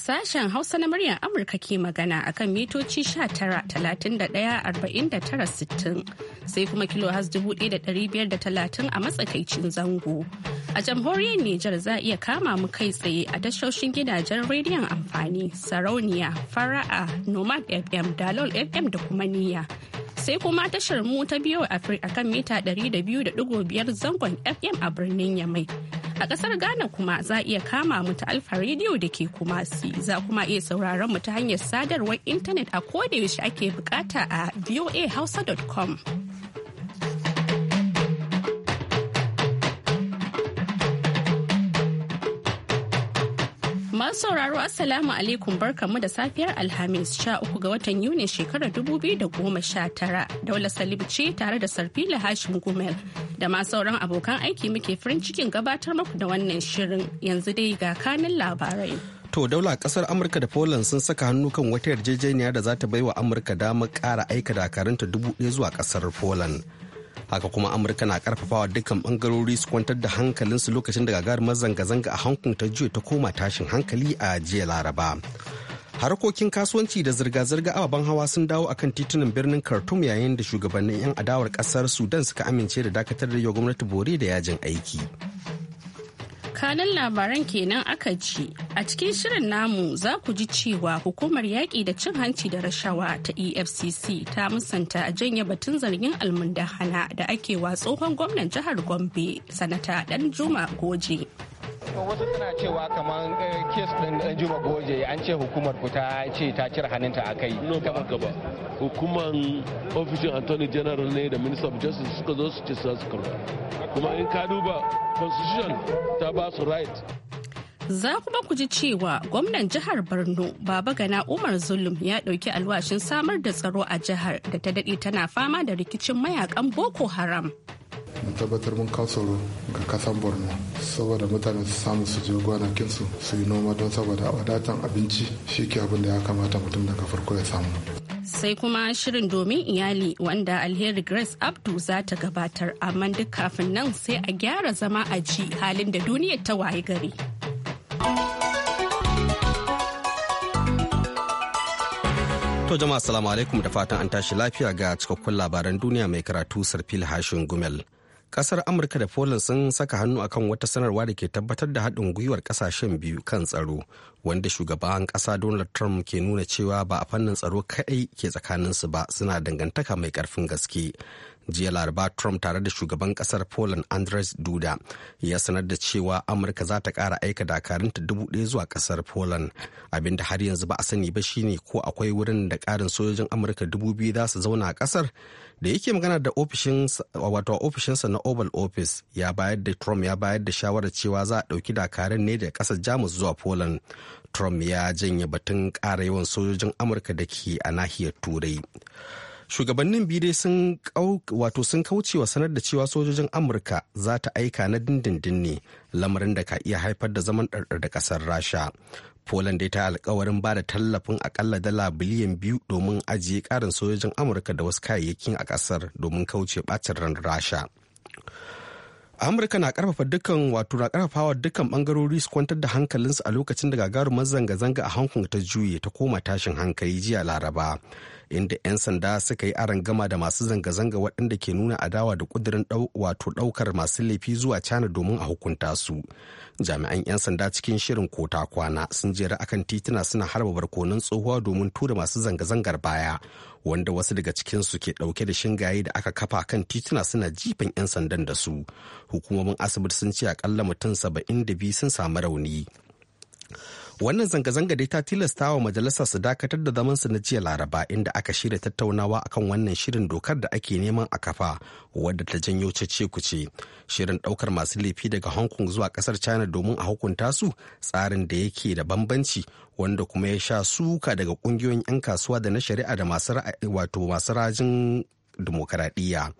Sashen Hausa na muryar Amurka ke magana a kan mitoci 19,31,49,60 sai kuma kilo has 1,530 a matsakaicin zango. A jamhuriyar Nijar za iya kama mu kai tsaye a tashoshin gidajen rediyon amfani, sarauniya, fara'a, nomad FM, dalol FM da kuma niyya. sai kuma tashar mu ta biyo a kan mita 200.5 zangon fm a birnin yamai a kasar ghana kuma za a iya kama mu ta alfa rediyo da ke kuma si za kuma iya sauraron mu ta hanyar sadarwar intanet a kodayaushe ake bukata a voahausa.com Masu sauraro Assalamu alaikum barkamu da safiyar Alhamis sha uku ga watan Yuni shekarar dubu biyu da goma sha tara. Daula Salibu ce tare da Sarfila Hashim Gumel da ma sauran abokan aiki muke farin cikin gabatar maku da wannan shirin yanzu dai ga kanin labarai. To daula kasar Amurka da Poland sun saka hannu kan wata yarjejeniya da za ta baiwa Amurka damar ƙara aika dakarunta dubu ɗaya zuwa ƙasar Poland. haka kuma amurka na karfafawa dukkan bangarori su kwantar da hankalinsu lokacin da gagarumar zanga-zanga a hankun ta juya ta koma tashin hankali a jiya laraba harkokin kasuwanci da zirga-zirga ababen hawa sun dawo akan titunan birnin khartoum yayin da shugabannin 'yan adawar kasar sudan suka amince da dakatar da gwamnati bore da yajin aiki kanan labaran kenan aka ji a cikin shirin namu za ku ji cewa hukumar yaƙi da cin hanci da rashawa ta efcc ta musanta a janye batun zargin almundahana da ake wa tsohon gwamnan jihar gombe sanata dan juma goje wasu suna cewa kamar kes eh, din dan eh, juma goje an ce hukumar ku ta ce ta cire hannunta a kai no ba gaba hukumar ofishin attorney general ne da minister of justice suka zo su ce su karba kuma in ka duba constitution ta ba su right Za kuma ku ji cewa gwamnan jihar Borno Baba Gana Umar Zulum ya dauki alwashin samar da tsaro a jihar da ta dade tana fama da rikicin mayakan Boko Haram. mu tabbatar mun kansoro ga kasan borno saboda mutane su samu su je gonakinsu su yi noma don saboda wadatan abinci shi ke abin da ya kamata mutum daga farko ya samu sai kuma shirin domin iyali wanda alheri grace abdu za ta gabatar amma duk kafin nan sai a gyara zama a ji halin da duniyar ta waye gari To jama'a salamu alaikum da fatan an tashi lafiya ga cikakkun labaran duniya mai karatu sarfil hashin gumel. kasar amurka da poland sun saka hannu akan wata sanarwa da ke tabbatar da haɗin gwiwar ƙasashen biyu kan tsaro wanda shugaban ƙasa donald trump ke nuna cewa ba a fannin tsaro kaɗai ke tsakaninsu ba suna dangantaka mai karfin gaske jiya laraba trump tare da shugaban kasar poland andres duda ya sanar da cewa amurka za ta kara aika dakarunta dubu ɗaya zuwa kasar poland abinda har yanzu ba a sani ba shine ko akwai wurin da karin sojojin amurka dubu biyu za su zauna a kasar da yake magana da wato ofishinsa na oval office ya bayar da trump ya bayar da shawarar cewa za a ɗauki dakarun ne da kasar jamus zuwa poland trump ya janye batun ƙara yawan sojojin amurka da ke a nahiyar turai shugabannin biyu dai sun wato sun kaucewa sanar da cewa sojojin amurka za ta aika na dindindin ne lamarin da ka iya haifar da zaman ɗarɗar da ƙasar rasha poland dai ta alkawarin ba da tallafin akalla dala biliyan biyu domin ajiye karin sojojin amurka da wasu kayayyakin a ƙasar domin kauce ɓacin ran rasha amurka na karfafa dukkan wato na karfafawa dukkan bangarori su kwantar da hankalinsu a lokacin da gagarumar zanga-zanga a hong ta juye ta koma tashin hankali jiya laraba inda 'yan sanda suka yi aron gama da masu zanga-zanga waɗanda ke nuna adawa da ƙudurin wato ɗaukar masu laifi zuwa cana domin a hukunta su jami'an 'yan sanda cikin shirin kota kwana sun jera akan tituna suna harba barkonon tsohuwa domin tura masu zanga-zangar baya wanda wasu daga cikinsu ke ɗauke da shingaye da aka kafa kan tituna suna jifan 'yan sandan da su hukumomin asibiti sun ce akalla mutum saba'in da biyu sun samu rauni Wannan zanga-zanga dai ta tilasta wa majalisa su dakatar da zamansu na jiya Laraba inda aka shirya tattaunawa akan wannan shirin dokar da ake neman a kafa wadda ta janyo cece kuce. Shirin daukar masu laifi daga Hong Kong zuwa kasar China domin a hukunta su tsarin da yake da bambanci wanda kuma ya sha suka daga kungiyoyin 'yan kasuwa da na shari'a da wato masu rajin dimokuraɗiyya.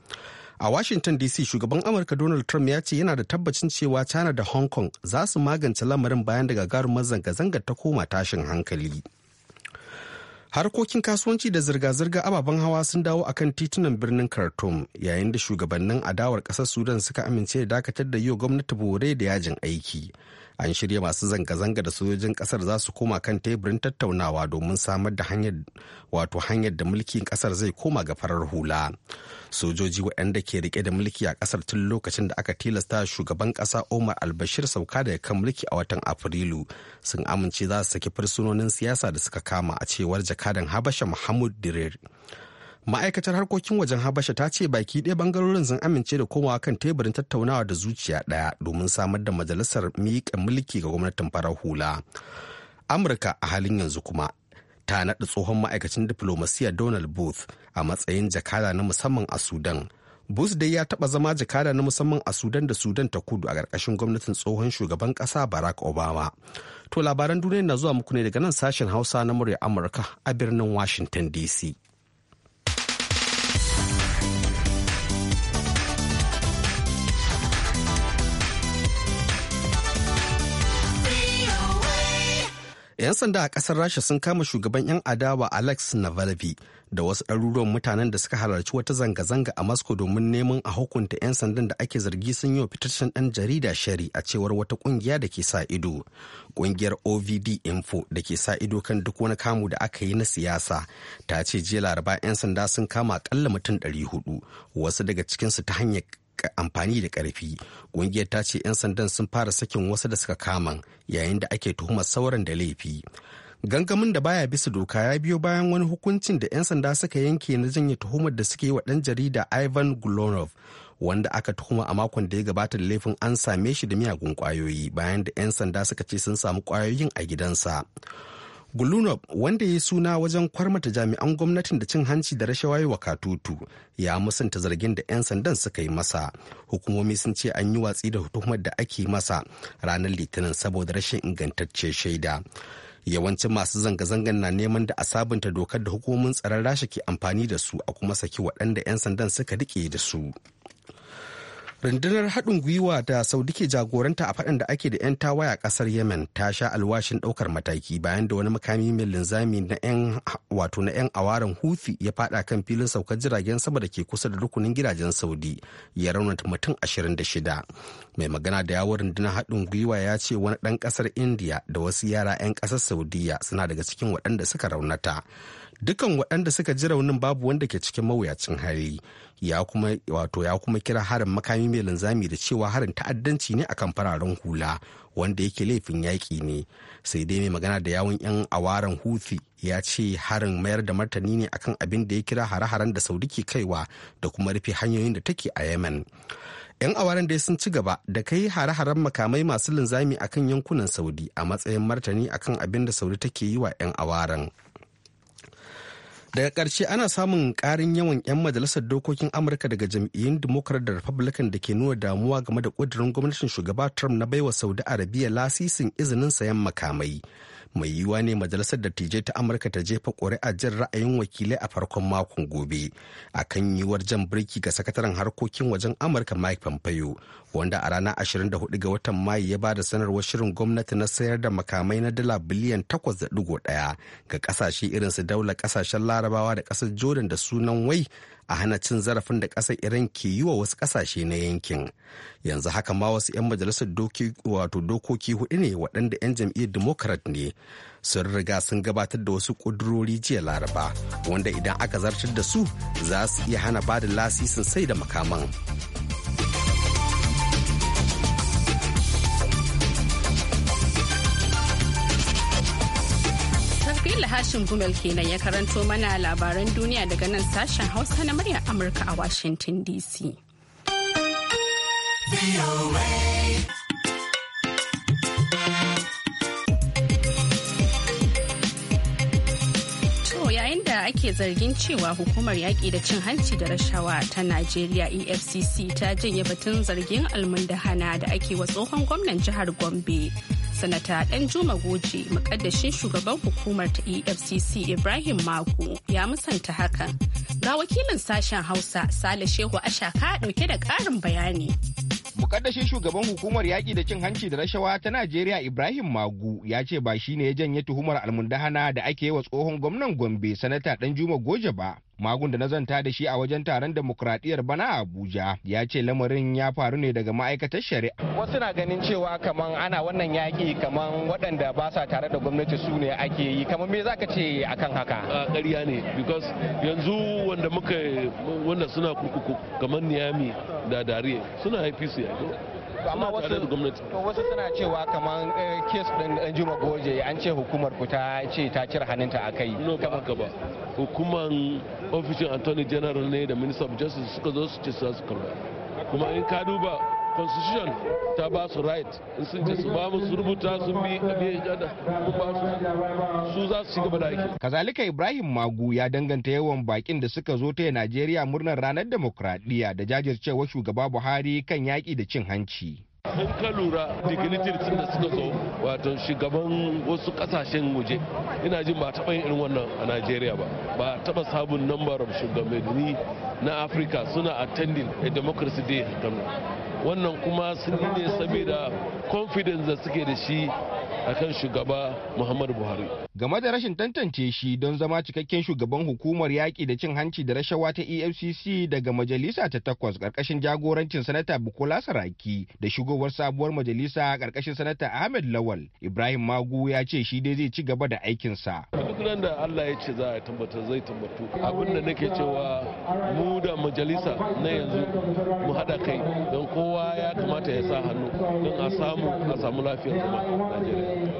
A Washington DC shugaban Amurka Donald Trump ya ce yana da tabbacin cewa China da Hong Kong za su magance lamarin bayan da gagarumar zanga zanga ta koma tashin hankali. Harkokin kasuwanci da zirga-zirga ababen hawa sun dawo akan titunan birnin Khartoum yayin da shugabannin adawar ƙasar Sudan suka amince da dakatar da yiwa gwamnati bore da yajin aiki. an shirya masu zanga-zanga da sojojin kasar za su koma kan teburin tattaunawa domin samar da hanyar wato hanyar da mulkin kasar zai koma ga farar hula sojoji waɗanda ke rike da mulki a kasar tun lokacin da aka tilasta shugaban kasa omar albashir sauka da ya kan mulki a watan afrilu sun amince za su saki fursunonin siyasa da suka kama a cewar jakadan habasha muhammad direr ma'aikatar harkokin wajen habasha ta ce baki ɗaya bangarorin sun amince da komawa kan teburin tattaunawa da zuciya ɗaya domin samar da majalisar miƙa mulki ga gwamnatin farar hula amurka a halin yanzu kuma ta naɗa tsohon ma'aikacin diflomasiya donald booth a matsayin jakada na musamman a sudan booth dai ya taɓa zama jakada na musamman a sudan da sudan ta kudu a ƙarƙashin gwamnatin tsohon shugaban ƙasa barack obama to labaran duniya na zuwa muku ne daga nan sashen hausa na murya amurka a birnin washington dc 'Yan sanda a ƙasar Rasha sun kama shugaban 'yan adawa Alex Navalny da wasu ɗaruruwan mutanen da suka halarci wata zanga-zanga a Moscow domin neman a hukunta 'yan sandan da ake zargi sun yi wa fitaccen ɗan jarida shari a cewar wata ƙungiya da ke sa ido. Ƙungiyar OVD Info da ke sa ido kan duk wani kamu da aka yi na siyasa ta ce jiya laraba 'yan sanda sun kama akalla mutum 400 wasu daga cikinsu ta hanyar amfani da ƙarfi ƙungiyar ta ce 'yan sandan sun fara sakin wasu da suka kaman yayin da ake tuhumar sauran da laifi gangamin da baya bisa doka ya biyo bayan wani hukuncin da 'yan sanda suka yanke na janye tuhumar da suke wa ɗan jarida ivan gulonov wanda aka tuhuma a makon da ya gabata da laifin an same shi da miyagun kwayoyi bayan da 'yan sanda suka ce sun samu kwayoyin a gidansa Gulunov wanda ya yi suna wajen kwarmata jami'an gwamnatin da cin hanci da rashawa wa katutu ya musanta zargin da 'yan sandan suka yi masa. Hukumomi sun ce an yi watsi da tuhumar da ake masa ranar litinin saboda rashin ingantacce shaida. Yawancin masu zanga-zangan na neman da a sabunta dokar da hukumomin tsaron rasha ke amfani da su a kuma saki waɗanda 'yan sandan suka riƙe da su. rundunar haɗin gwiwa da saudi ke jagoranta a faɗin da ake da 'yan tawaya ƙasar yemen ta sha alwashin ɗaukar mataki bayan da wani makami mai linzami na 'yan wato na 'yan awaren hufi ya faɗa kan filin saukar jiragen sama da ke kusa da rukunin gidajen saudi ya raunata mutum 26 mai magana da yawon rundunar haɗin gwiwa ya ce wani ɗan ƙasar indiya da wasu yara 'yan ƙasar saudiya suna daga cikin waɗanda suka raunata dukan waɗanda suka ji raunin babu wanda ke cikin mawuyacin hali, ya kuma wato ya kuma kira harin makami mai linzami da cewa harin ta'addanci ne akan fararen hula wanda yake laifin yaƙi ne sai dai mai magana da yawun yan awaran huthi ya ce harin mayar da martani ne akan abin da ya kira hare-haren da saudi ke kaiwa da kuma rufe hanyoyin da take a yemen 'yan awaran dai sun ci gaba da kai hare-haren makamai masu linzami akan yankunan saudi a matsayin martani akan abin da saudi take yi wa 'yan awaran daga ƙarshe ana samun ƙarin yawan 'yan majalisar dokokin amurka daga jam'iyyun democrat da republican da ke nuna damuwa game da ƙudurin gwamnatin shugaba trump na baiwa saudi arabia lasisin izinin sayan makamai mai yiwuwa ne majalisar dattijai ta amurka ta jefa ƙuri'a jin ra'ayin wakilai a farkon makon gobe a kan yiwuwar jan birki ga sakataren harkokin wajen amurka mike pompeo wanda a ranar 24 ga watan mayu ya bada sanarwar shirin gwamnati na sayar da makamai na dala biliyan 8.1 ga kasashe irin su daular kasashen larabawa da kasar jordan da sunan wai a hana cin zarafin da ƙasar iran ke yi wa wasu ƙasashe na yankin yanzu haka ma wasu 'yan majalisar dokoki hudu ne waɗanda 'yan jam'iyyar democrat ne sun riga sun gabatar da wasu ƙudurori jiya laraba wanda idan aka zartar da su za su iya hana ba da lasisin sai da makaman Sarfil Hashim Gumel kenan ya karanto mana labaran duniya daga nan sashen Hausa na muryar Amurka a Washington DC. yayin ake zargin cewa hukumar yaƙi da cin hanci da rashawa ta najeriya efcc ta janye batun zargin almundahana da ake wa tsohon gwamnan jihar gombe sanata dan juma goje maƙaddashin shugaban hukumar ta efcc ibrahim mako ya musanta hakan ga wakilin sashen hausa sale shehu ashaka ɗauke da ƙarin bayani Mukaddashin shugaban hukumar yaƙi da cin hanci da rashawa ta Najeriya Ibrahim Magu ya ce ba shi ne ya janye tuhumar almundahana da ake yi wa tsohon gwamnan Gombe sanata Danjuma Goje ba. magun da na zanta da shi a wajen taron demokradiyyar bana a abuja ya ce lamarin ya faru ne daga ma'aikatar shari'a wasu na ganin cewa kaman ana wannan yaƙi kaman waɗanda ba sa tare da gwamnati su ne ake yi kaman me za ka ce akan haka ƙarya ne because yanzu wanda muka wanda suna kurkuku kaman niyami da dariye suna haifi su amma wasu to wasu suna cewa kamar kes eh, din juma Goje an ce hukumar ku ta ce ta cire hannunta a kai. No ba haka ba. ofishin Attorney General ne da Minister of Justice suka zo su ce su karba. Kuma in ka duba constitution ta ba su right in sun ce su ba mu su rubuta su bi ba su su za su gaba da aiki kazalika ibrahim magu ya danganta yawan bakin da suka zo ta najeriya murnar ranar demokradiyya da jajircewar shugaba buhari kan yaki da cin hanci in ka lura dignitin sun da suka zo wato shugaban wasu kasashen waje ina jin ba taɓa yin irin wannan a najeriya ba ba taɓa sabon nambar shugabanni na afirka suna attending a democracy day wannan kuma sun yi ne saboda confidence da suke da shi a kan shugaba muhammadu buhari game da rashin tantance shi don zama cikakken shugaban hukumar yaƙi da cin hanci da rashawa ta efcc daga majalisa ta takwas ƙarƙashin jagorancin sanata bukola saraki da shugabar sabuwar majalisa ƙarƙashin sanata ahmed lawal ibrahim magu ya ce shi dai zai ci gaba da aikinsa duk nan da allah ya ce za a tabbatar zai tabbatu abin da nake cewa mu da majalisa na yanzu mu haɗa kai don kowa kowa ya kamata ya sa hannu don a samu a samu lafiyar kuma najeriya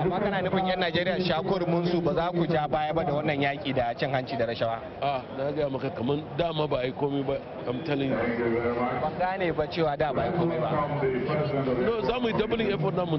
amma kana nufin yan najeriya shakur su ba za ku ja baya ba da wannan yaki da cin hanci da rashawa a na gaya maka kaman dama ba a yi komai ba am kamtalin ban gane ba cewa da ba a yi komai ba no za mu yi doubling effort namu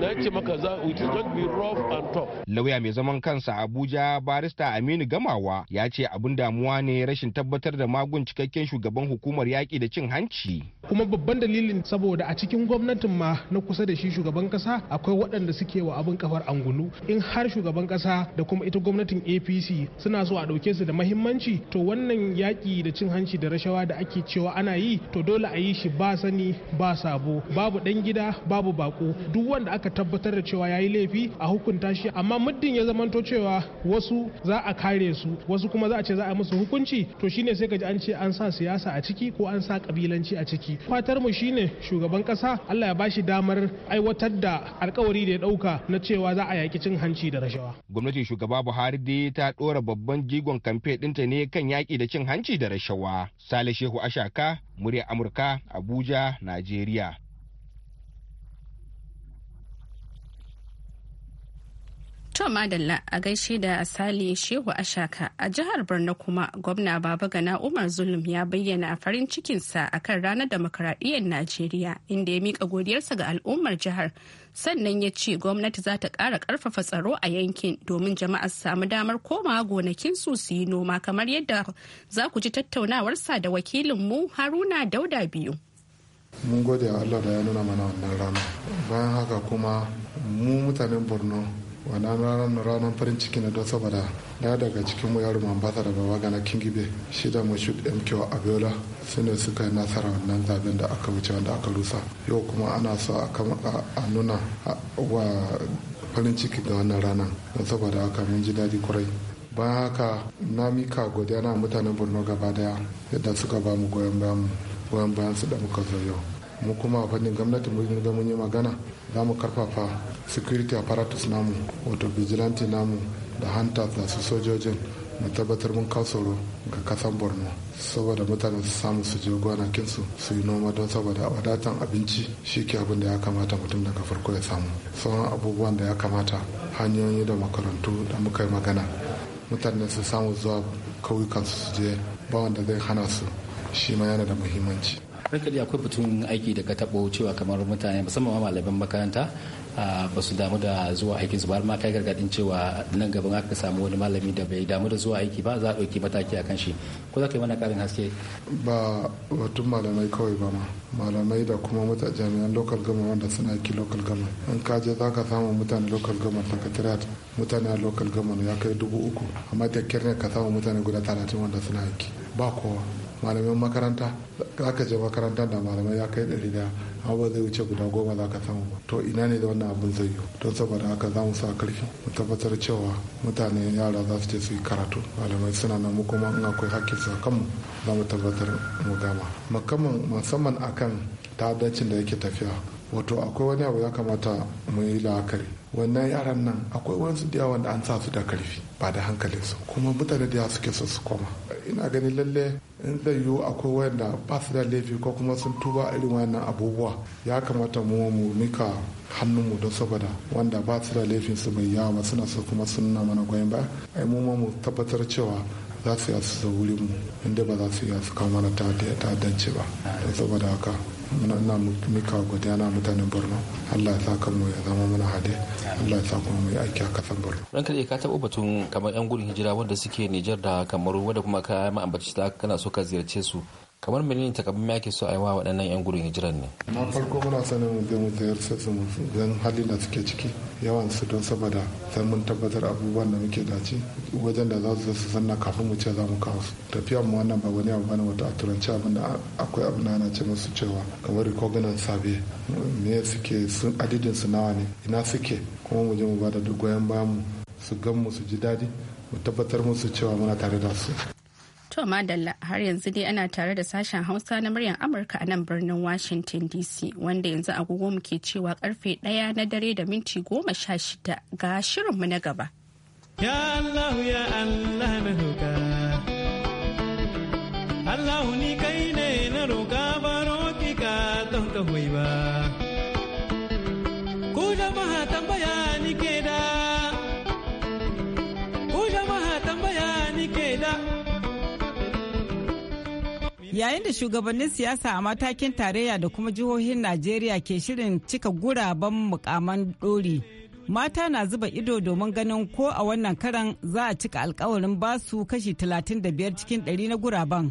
na ce maka za it is going to be rough and tough lauya mai zaman kansa abuja barista aminu gamawa ya ce abun damuwa ne rashin tabbatar da magun cikakken shugaban hukumar yaki da cin hanci kuma babban dalilin saboda a cikin gwamnatin ma na kusa da shi shugaban kasa akwai waɗanda suke wa abin kafar angulu in har shugaban kasa da kuma ita gwamnatin apc suna so a ɗauke su da mahimmanci to wannan yaƙi da cin hanci da rashawa da ake cewa ana yi to dole a yi shi ba sani ba sabo babu ɗan gida babu bako duk wanda aka tabbatar da cewa ya yi laifi a hukunta shi amma muddin ya zamanto cewa wasu za a kare su wasu kuma za a ce za a musu hukunci to shine sai ka ji an ce an sa siyasa a ciki ko an sa kabilanci a ciki fatar mu shine shugaban kasa Allah ya bashi damar aiwatar da alkawari da ya dauka ɗauka na cewa za a yaki cin hanci da rashawa. Gwamnatin shugaba Buhari dai ta ɗora babban jigon kamfe ɗinta ne kan yaƙi da cin hanci da rashawa. Sale Shehu Ashaka, murya Amurka, Abuja, Najeriya. To Madalla a gaishe da Sale Shehu Ashaka a jihar Borno kuma gwamna Baba Gana Umar Zulum ya bayyana a farin cikinsa a kan ranar demokaradiyyar Najeriya inda ya mika godiyarsa ga al'ummar jihar sannan ya ce gwamnati za ta ƙara karfafa tsaro a yankin domin jama'a samu damar komawa gonakin su yi noma kamar yadda za ku ji tattaunawarsa da wakilin mu Haruna Dauda biyu. Mun gode wa Allah da ya nuna mana wannan rana. Bayan haka kuma mu mutanen Borno wannan ranar ranar farin ciki na don saboda daya daga cikin mu yaro mambasa da baba kingibe shi da mashu mko abiola su ne suka yi nasara wannan zaben da aka wuce wanda aka rusa yau kuma ana so a nuna wa farin ciki da wannan ranar don saboda haka mun ji daɗi kurai. bayan haka na mika godiya na mutanen borno gaba daya yadda suka ba mu goyon bayan su da muka zo yau mu kuma a fannin gwamnati mu ga mun yi magana za mu karfafa security apparatus namu wato vigilante namu da hanta da su sojojin mu tabbatar mun kasoro ga kasan borno saboda mutane su samu su je gwanakin su su yi noma don saboda wadatan abinci shi ke abin da ya kamata mutum daga farko ya samu sauran abubuwan da ya kamata hanyoyi da makarantu da muka yi magana mutane su samu zuwa kauyukansu su je ba wanda zai hana su shi ma yana da muhimmanci Rikali akwai batun aiki da ka taɓo cewa kamar mutane musamman malaman makaranta ba su damu da zuwa aiki su har ma kai gargadin cewa nan gaban aka samu wani malami da bai damu da zuwa aiki ba za a ɗauki mataki a kan shi ko za ka yi mana ƙarin haske. Ba batun malamai kawai ba ma malamai da kuma mutane jami'an local gama wanda suna aiki local gama in ka je za ka samu mutane local gama secretariat mutane a local gama ya kai dubu uku amma da kirne ka samu mutane guda talatin wanda suna aiki ba kowa malamin makaranta za ka je makaranta da malamai ya kai ɗari da ba zai wuce guda goma za ka samu ba to ina ne da wannan abin zai yi don saboda haka za mu sa karfi mu tabbatar cewa mutane yara za su je su yi karatu malamai suna nan mu kuma in akwai hakkin su kanmu za mu tabbatar mu gama musamman akan ta'addancin da yake tafiya wato akwai wani abu ya kamata mu yi la'akari wannan yaran nan akwai wasu da an sa su da karfi ba da hankalinsu kuma mutane da suke so su koma ina ganin lalle in zai yiwu akwai wayanda ba su da laifi ko kuma sun tuba irin wannan abubuwa ya kamata mu mu nika hannunmu don saboda wanda ba su da laifin su mai yawa ba suna so kuma sun nuna mana goyon ba ai mu mu tabbatar cewa za su iya su wurinmu wurin mu inda ba za su iya su kawo mana ta'addanci ba saboda haka na kawo godiya na mutanen borno allah ya sa mu ya zama mana hade allah ya sa kuma mu aiki a kasar borno ran kaɗai ka taɓa batun kamar yan gudun hijira wanda suke nijar da kamaru wanda kuma ka ma'ambaci ta kana so ka ziyarce su kamar menene takabin me ake so a yi wa waɗannan 'yan gudun hijirar ne na farko muna sanin da mu ziyar su don halin da suke ciki yawan su don saboda zan mun tabbatar abubuwan da muke dace wajen da za su su zanna kafin mu ce za mu kawo su tafiya mu wannan ba wani abu bane wata a turanci abin da akwai abin da ana ce musu cewa kamar recognizance sabe me suke sun adadin su nawa ne ina suke kuma mu je mu bada duk goyon bayan mu su gan mu su ji daɗi mu tabbatar musu cewa muna tare da su To Madalla har yanzu dai ana tare da sashen Hausa na muryar Amurka a nan birnin Washington DC wanda yanzu agogo muke cewa karfe ɗaya na dare da minti goma sha shida ga shirinmu na gaba. Ya Allah ya Allah na roƙa. Allah ni kai ne na roƙa baro ki ka don ka ba. yayin da shugabannin siyasa a matakin tarayya da kuma jihohin najeriya ke shirin cika guraben mukaman dori mata na zuba ido domin ganin ko a wannan karan za a cika alkawarin basu kashi 35 cikin 100 na guraben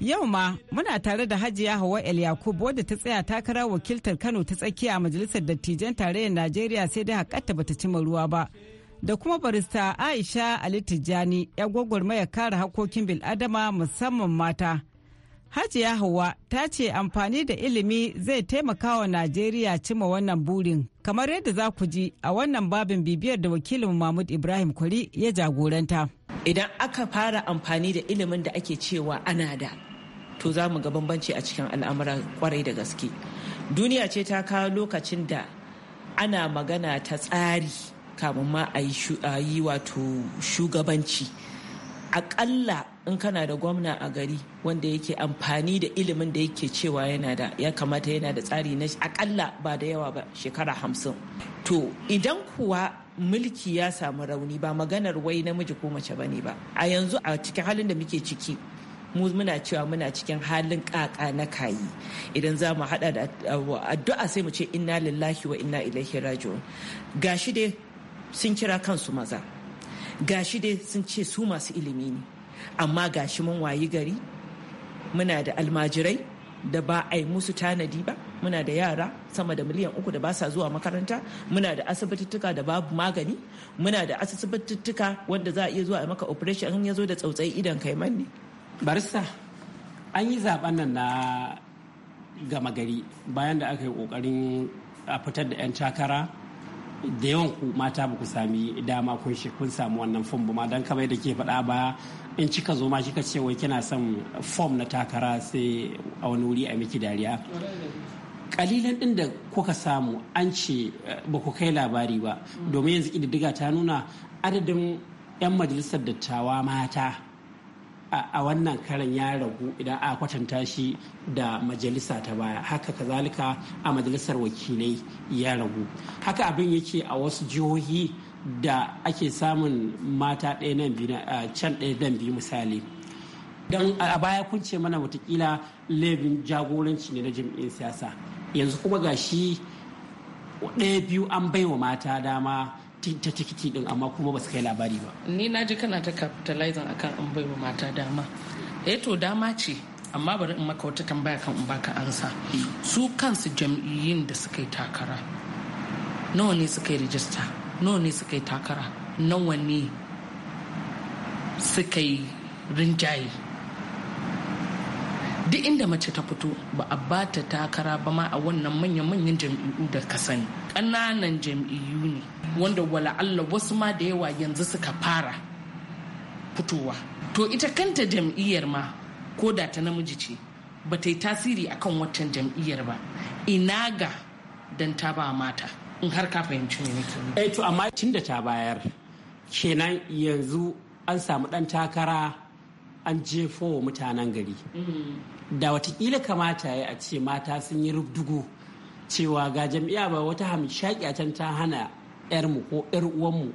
yau ma muna tare da hajiya hawa el yakub wadda ta tsaya takara wakiltar kano ta tsakiya a majalisar dattijan tarayyar najeriya sai dai hakatta bata cima ruwa ba da kuma barista aisha ali tijjani ya gwagwarmaya kare hakokin bil'adama musamman mata Hajiya Hauwa ta ce amfani da ilimi zai taimaka wa Najeriya cima wannan burin. Kamar yadda za ku ji a wannan babin bibiyar da wakilin Mahmud Ibrahim Kwari ya jagoranta. Idan aka fara amfani da ilimin da ake cewa ana da, to za mu ga bambanci a cikin al'amura kwarai da gaske. Duniya ce ta kawo lokacin da ana magana ta tsari kamun ma a yi wato shugabanci. Aƙalla in kana da gwamna a gari wanda yake amfani da ilimin da yake cewa yana da ya kamata yana da tsari na akalla ba da yawa ba shekara hamsin to idan kuwa mulki ya samu rauni ba maganar wai namiji ko mace ba ne ba a yanzu a cikin halin da muke ciki mu muna cewa muna cikin halin kaka na kayi idan za mu hada da addu'a sai mu ce inna lillahi wa inna ilaihi raji'un gashi dai sun kira kansu maza gashi dai sun ce su masu ilimi ne amma ga shi mun wayi gari muna da almajirai da ba a yi musu tanadi ba muna da yara sama da miliyan uku da ba sa zuwa makaranta muna da asibitittuka da babu magani muna da asibitittuka wanda za a iya zuwa a maka operation in ya zo da tsautsayi idan kai manne barista an yi zaben nan na gama gari bayan da aka yi kokarin a fitar da 'yan takara da yawan ku mata ba ku sami dama kun shi kun samu wannan fom ba ma dan kamar da ke faɗa ba in cika zo ma kika ce wai kina son fom na takara sai a wani wuri a miki dariya kalilan ɗin da kuka samu an ce eh, ba ku kai labari ba domin yanzu ƙididdiga ta nuna adadin 'yan majalisar dattawa mata a wannan karan ya ragu idan a kwatanta shi da majalisa ta baya haka kazalika a majalisar wakilai ya ragu haka abin yake a wasu jihohi da ake samun mata ɗaya nan biyu can ɗaya dan biyu misali don a baya kun ce mana watakila laifin jagoranci ne na jam'iyyar siyasa yanzu kuma ga shi ɗaya biyu an baiwa mata dama ta tikiti din amma kuma ba su kai labari ba ni na ji kana ta capitalizing akan an baiwa mata dama eh to dama ce amma bari in maka wata tambaya kan in baka ansa su kansu jam'iyyun da suka yi takara nawa ne suka yi rijista nawa ne suka yi takara nawa ne suka yi rinjaye duk inda mace ta fito ba a ba ta takara ba ma a wannan manyan-manyan jam'iyyu da ka sani ƙananan jam'iyyu ne wanda wala Allah wasu ma da yawa yanzu suka fara fitowa to ita kanta jam'iyyar ma ko da ta namiji ce ba ta yi tasiri akan waccan jam'iyyar ba ina ga dan ta ba mata in har ka fahimci ne nake eh to amma tun da ta bayar kenan yanzu an samu ɗan takara an jefo wa mutanen gari mm-hmm. da watakila kamata ya a ce mata sun yi rubdugu cewa ga jam'iyya ba wata a can ta hana 'yarmu ko 'yar uwanmu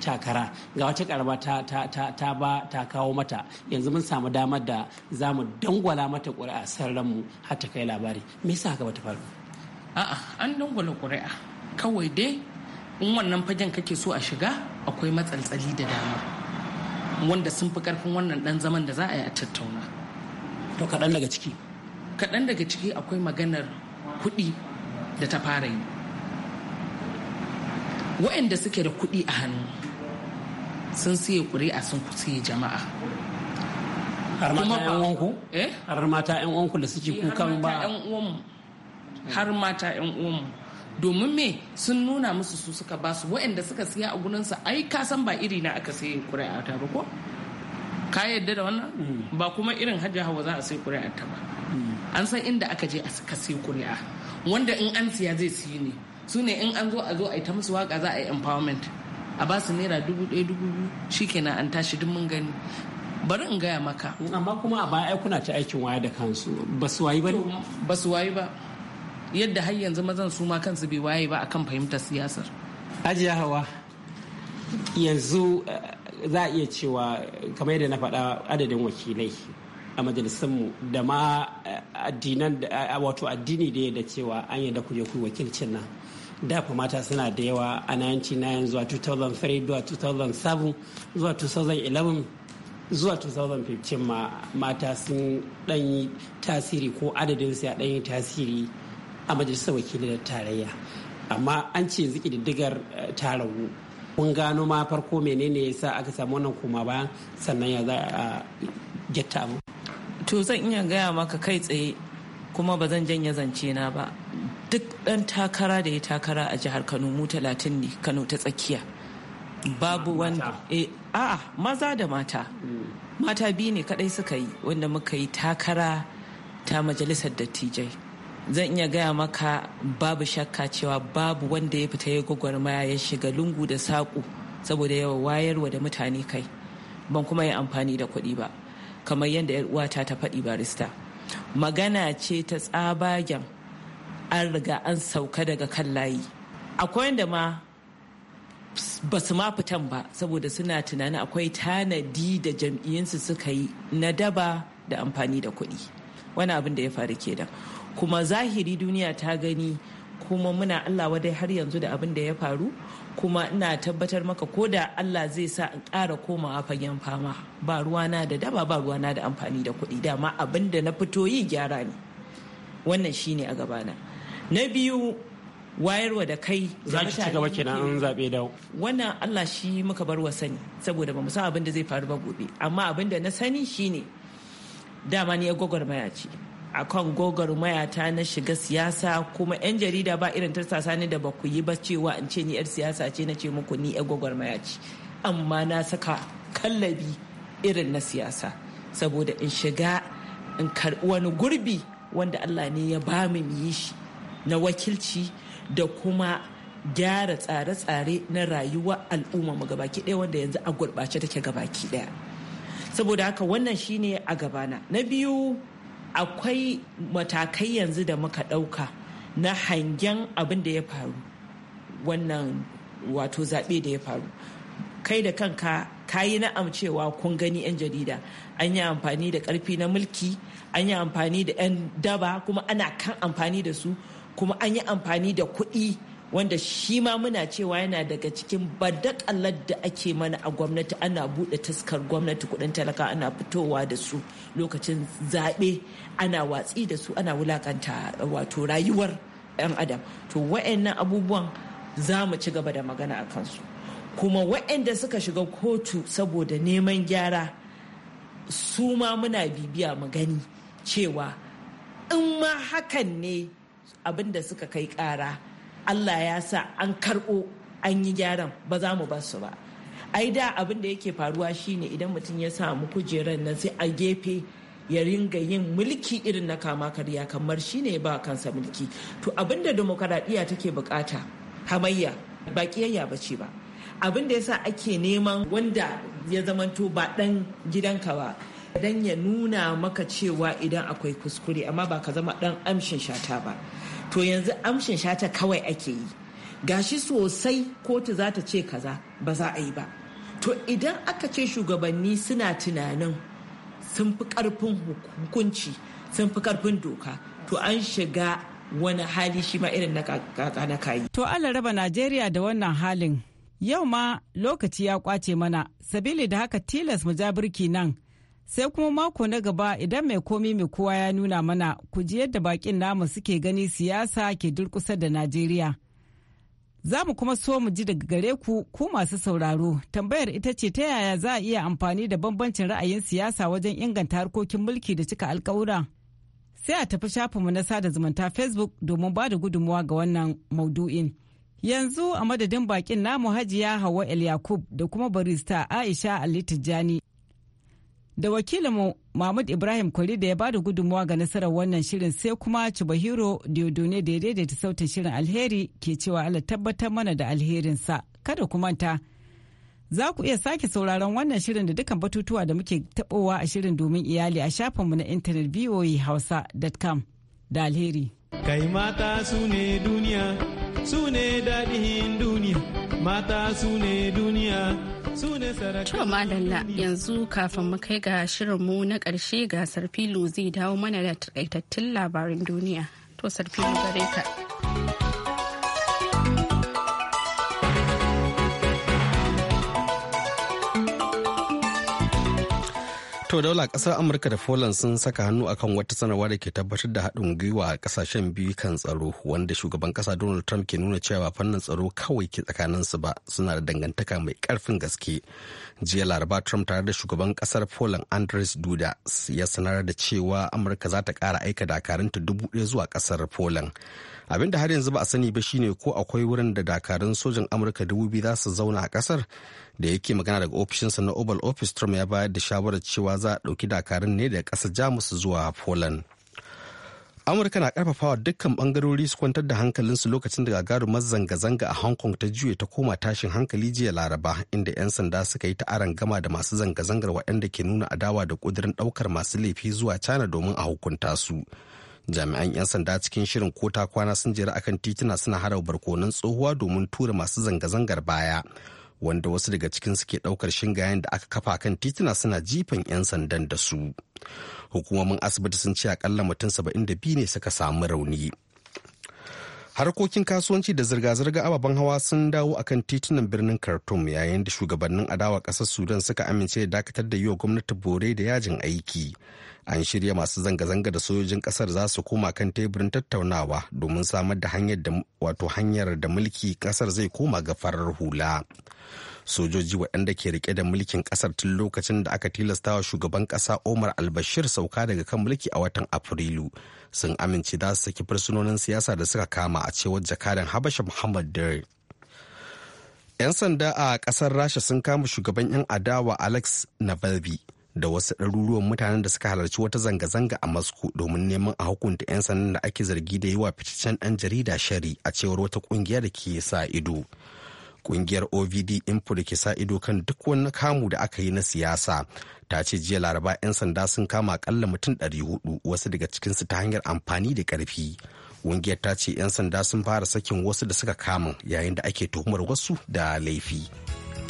takara ga wata karama ta, ta, ta, ta ba ta kawo mata yanzu mun samu damar da za mu dangwala mata ƙuri'a sarranmu har ta kai labari me yasa haka bata faru a'a an dangwala ƙuri'a kawai dai in wannan fagen kake so a shiga akwai matsaltsali da dama wanda sun fi karfin wannan dan zaman da za a yi a tattauna to kaɗan daga ciki kaɗan daga ciki akwai maganar kuɗi da ta fara yi waɗanda suke da kuɗi a hannu sun siye ƙuri'a sun siye jama'a har mata yan uwanku eh? har mata yan uwanku da suke kukan ba har mata yan uwanmu domin me sun nuna musu su suka basu waɗanda suka siya a gurinsa ai ka san ba iri na aka siye ƙuri'a ta ba ko ka yadda da wannan ba kuma irin hajji hawa za a sai kuri'a ta ba an san inda aka je aka sai kuri'a wanda in an siya zai siyi ne su ne in an zo a zo a yi ta musu waka za a yi empowerment a ba su naira dubu ɗaya dubu biyu shikenan an tashi duk mun gani bari in gaya maka amma kuma a baya kuna ta aikin waya da kansu ba su wayi ba ba su wayi ba yadda har yanzu mazan su ma kansu bai waye ba akan fahimtar siyasar Hajiya hawa yanzu eh, za a iya cewa kamar yadda na faɗa adadin wakilai a majalisanmu da ma eh, addinan eh, wato addini da yadda cewa an yadda ku je ku wakilcin nan da dafa mata suna da yawa a 99 zuwa 2003 zuwa 2007 zuwa 2011 zuwa 2015 ma mata sun ɗanyi tasiri ko adadin su ya ɗanyi tasiri a majalisar wakilai da tarayya amma an ce ziki diddigar eh, ta ragu kun gano ma farko menene ya sa aka samu wannan koma bayan sannan ya za a getta mu. to zan iya gaya maka kai tsaye kuma ba zan janye zance na ba duk ɗan takara da ya takara a jihar kano mu talatin ne kano ta tsakiya babu wanda e, a'a maza da mata hmm. mata biyu ne kadai suka yi wanda muka yi takara ta majalisar dattijai zan iya gaya maka babu shakka cewa babu wanda ya fita ya gwagwarmaya ya shiga lungu da saƙo saboda yawa wayarwa da mutane kai ban kuma yi amfani da kuɗi ba kamar yadda uwata ta faɗi barista magana ce ta tsabagen an riga an sauka daga kan layi akwai wanda ma ba su ma fitan ba saboda suna tunanin akwai tanadi da jam'iyyinsu suka yi na daba da amfani da kuɗi wani abin da ya faru kenan kuma zahiri duniya ta gani kuma muna allah wadai har yanzu da abin da ya faru kuma ina tabbatar maka ko da allah zai sa in ƙara komawa fagen fama ba ruwana da daba ba ruwana da amfani da kuɗi dama abin da na fito yi gyara ne wannan shine a gabana na biyu wayarwa da kai za ki ci gaba kenan an zabe dawo wannan Allah shi muka bar wa sani saboda bamu san abin da zai faru ba gobe amma abin da na sani shine dama ni ya gwagwarmaya ce a kan gwagwarmaya ta na shiga siyasa kuma 'yan jarida ba irin tarsasa ne da ba ku yi ba cewa in ce ni 'yar siyasa ce na ce muku ni 'yar gogar ce amma na saka kallabi irin na siyasa saboda in shiga in karɓi wani gurbi wanda allah ne ya ba mu yi shi na wakilci da kuma gyara tsare-tsare na rayuwa al'umma mu gabaki ɗaya wanda yanzu a gurɓace take gabaki ɗaya saboda haka wannan shine a gabana na biyu akwai matakai yanzu da muka ɗauka na hangen abin da ya faru wannan wato zaɓe da ya faru kai da kanka ka yi na'am kun gani 'yan jarida an yi amfani da ƙarfi na mulki an yi amfani da 'yan daba kuma ana kan amfani da su kuma an yi amfani da kuɗi wanda shi ma muna cewa yana daga cikin badakalar da ake mana a gwamnati ana buɗe taskar gwamnati kuɗin talaka ana fitowa da su lokacin zaɓe ana watsi da su ana wulakanta wato rayuwar 'yan adam to wa'annan abubuwan za mu ci gaba da magana a kansu kuma wa'anda suka shiga kotu saboda neman gyara su ma muna bibiya mu gani cewa in ma hakan ne abin da suka kai kara. Allah ya sa an karɓo an yi gyaran ba za mu basu ba ai da abin da yake faruwa shine idan mutum ya samu kujerar nan sai a gefe ya ringa yin mulki irin na kama karya kamar shine ba kansa mulki to abin da demokaradiyya take bukata hamayya ba ba ce ba abin da yasa ake neman wanda ya zamanto ba dan gidanka ba dan ya nuna maka cewa idan akwai kuskure amma ba ka zama ɗan amshin shata ba to yanzu amshin shata kawai ake yi gashi sosai kotu za ta ce kaza ba za a yi ba to idan aka ce shugabanni suna tunanin sun fi karfin hukunci sun fi karfin doka to an shiga wani hali shi ma irin na kayi to allah raba najeriya da wannan halin yau ma lokaci ya kwace mana sabili da haka tilas mu birki nan sai kuma mako na gaba idan mai komi mai kowa ya nuna mana ku ji yadda bakin namu suke gani siyasa ke durkusa da najeriya za mu kuma so mu ji daga gare ku ku masu sauraro tambayar ita ce ta yaya za a iya amfani da bambancin ra'ayin siyasa wajen inganta harkokin mulki da cika alkawura sai a tafi shafinmu na sada zumunta facebook domin ba da gudunmuwa ga wannan maudu'in yanzu a madadin bakin namu hajiya hawa el yakub da kuma barista aisha ali tijjani da wakilinmu mahmud ibrahim kwari da ya bada gudunmawa ga nasarar wannan shirin sai kuma Chibahiro diodone da ya daidaita sautin shirin alheri ke cewa allah tabbatar mana da alherinsa kada ku manta za ku iya sake sauraron wannan shirin da dukkan batutuwa da muke tabowa a shirin domin iyali a shafinmu na intanet voahausa.com da alheri kai mata su ne duniya su ne dadihin duniya mata su ne duniya To dalla yanzu kafin mu kai ga shirinmu na ƙarshe gasar filo zai dawo mana da takaitattun labarin duniya. To sarfilo gare ka. To daula kasar Amurka da Poland sun saka hannu akan wata sanarwa da ke tabbatar da haɗin gwiwa a kasashen biyu kan tsaro wanda shugaban kasa Donald Trump ke nuna cewa fannin tsaro kawai ke tsakaninsu ba suna da dangantaka mai karfin gaske. jiya laraba trump tare da shugaban kasar poland andres duda ya sanar da cewa amurka za ta kara aika dakarunta dubu ɗaya zuwa kasar poland abin da har yanzu ba a sani ba shine ko akwai wurin da dakarun sojan amurka dubu biyu za su zauna a kasar da yake magana daga ofishinsa na oval office trump ya bayar da shawarar cewa za a ɗauki dakarun ne daga ƙasar jamus zuwa poland amurka na karfafawa dukkan bangarori su kwantar da hankalinsu lokacin da gagarumar zanga-zanga a hong kong ta juye ta koma tashin hankali jiya laraba inda 'yan sanda suka yi ta'aran gama da masu zanga-zangar waɗanda ke nuna adawa da ƙudurin ɗaukar masu laifi zuwa china domin a hukunta su jami'an 'yan sanda cikin shirin ko kwana sun jera akan tituna suna harau barkonan tsohuwa domin tura masu zanga-zangar baya wanda wasu daga cikin suke ɗaukar shingayen da aka kafa kan tituna suna jifan 'yan sandan da su. Hukumomin asibiti sun ce akalla mutum 72 ne suka samu rauni. harkokin kasuwanci da zirga-zirga ababen hawa sun dawo akan titunan birnin khartoum yayin da shugabannin adawa ƙasar sudan suka amince da dakatar da yiwa gwamnati bore da yajin aiki an shirya masu zanga-zanga da sojojin ƙasar za su koma kan teburin tattaunawa domin samar da hanyar da wato hanyar da mulki ƙasar zai koma ga farar hula sojoji waɗanda ke rike da mulkin ƙasar tun lokacin da aka tilastawa shugaban ƙasa omar albashir sauka daga kan mulki a watan afrilu sun amince za su saki fursunonin siyasa da suka kama a cewar jakadan habasha muhammad dare 'yan sanda a ƙasar rasha sun kama shugaban 'yan adawa alex navalny da wasu ɗaruruwan mutanen da suka halarci wata zanga-zanga a Moscow domin neman a hukunta 'yan sandan da ake zargi da yi wa fitaccen ɗan jarida shari a cewar wata ƙungiya da ke sa ido. Kungiyar OVD Info da ke sa ido kan duk wani kamu da aka yi na siyasa ta ce jiya laraba 'yan sanda sun kama akalla mutum 400 wasu daga cikinsu ta hanyar amfani da ƙarfi. Kungiyar ta ce 'yan sanda sun fara sakin wasu da suka kama yayin da ake tuhumar wasu da laifi.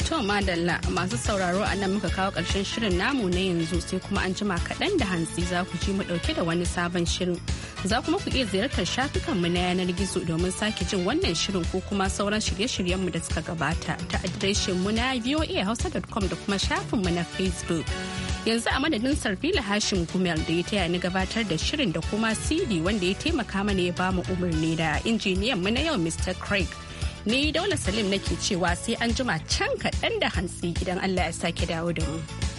To madalla masu sauraro a nan muka kawo ƙarshen shirin namu na yanzu sai kuma an jima kaɗan da hantsi za ku ji mu ɗauke da wani sabon shirin. Za kuma ku iya ziyartar shafukanmu na yanar gizo domin sake jin wannan shirin ko kuma sauran shirye-shiryenmu da suka gabata ta adireshin mu na voahausa.com da kuma shafinmu na Facebook. Yanzu a madadin Sarfila Hashim Gumel da ya taya ni gabatar da shirin da kuma CD wanda ya taimaka mana ya ba mu umarni da injiniyan mu na yau Mr. Craig. Ni Daula Salim nake cewa sai an jima can kaɗan da hantsi idan Allah ya sake dawo da mu.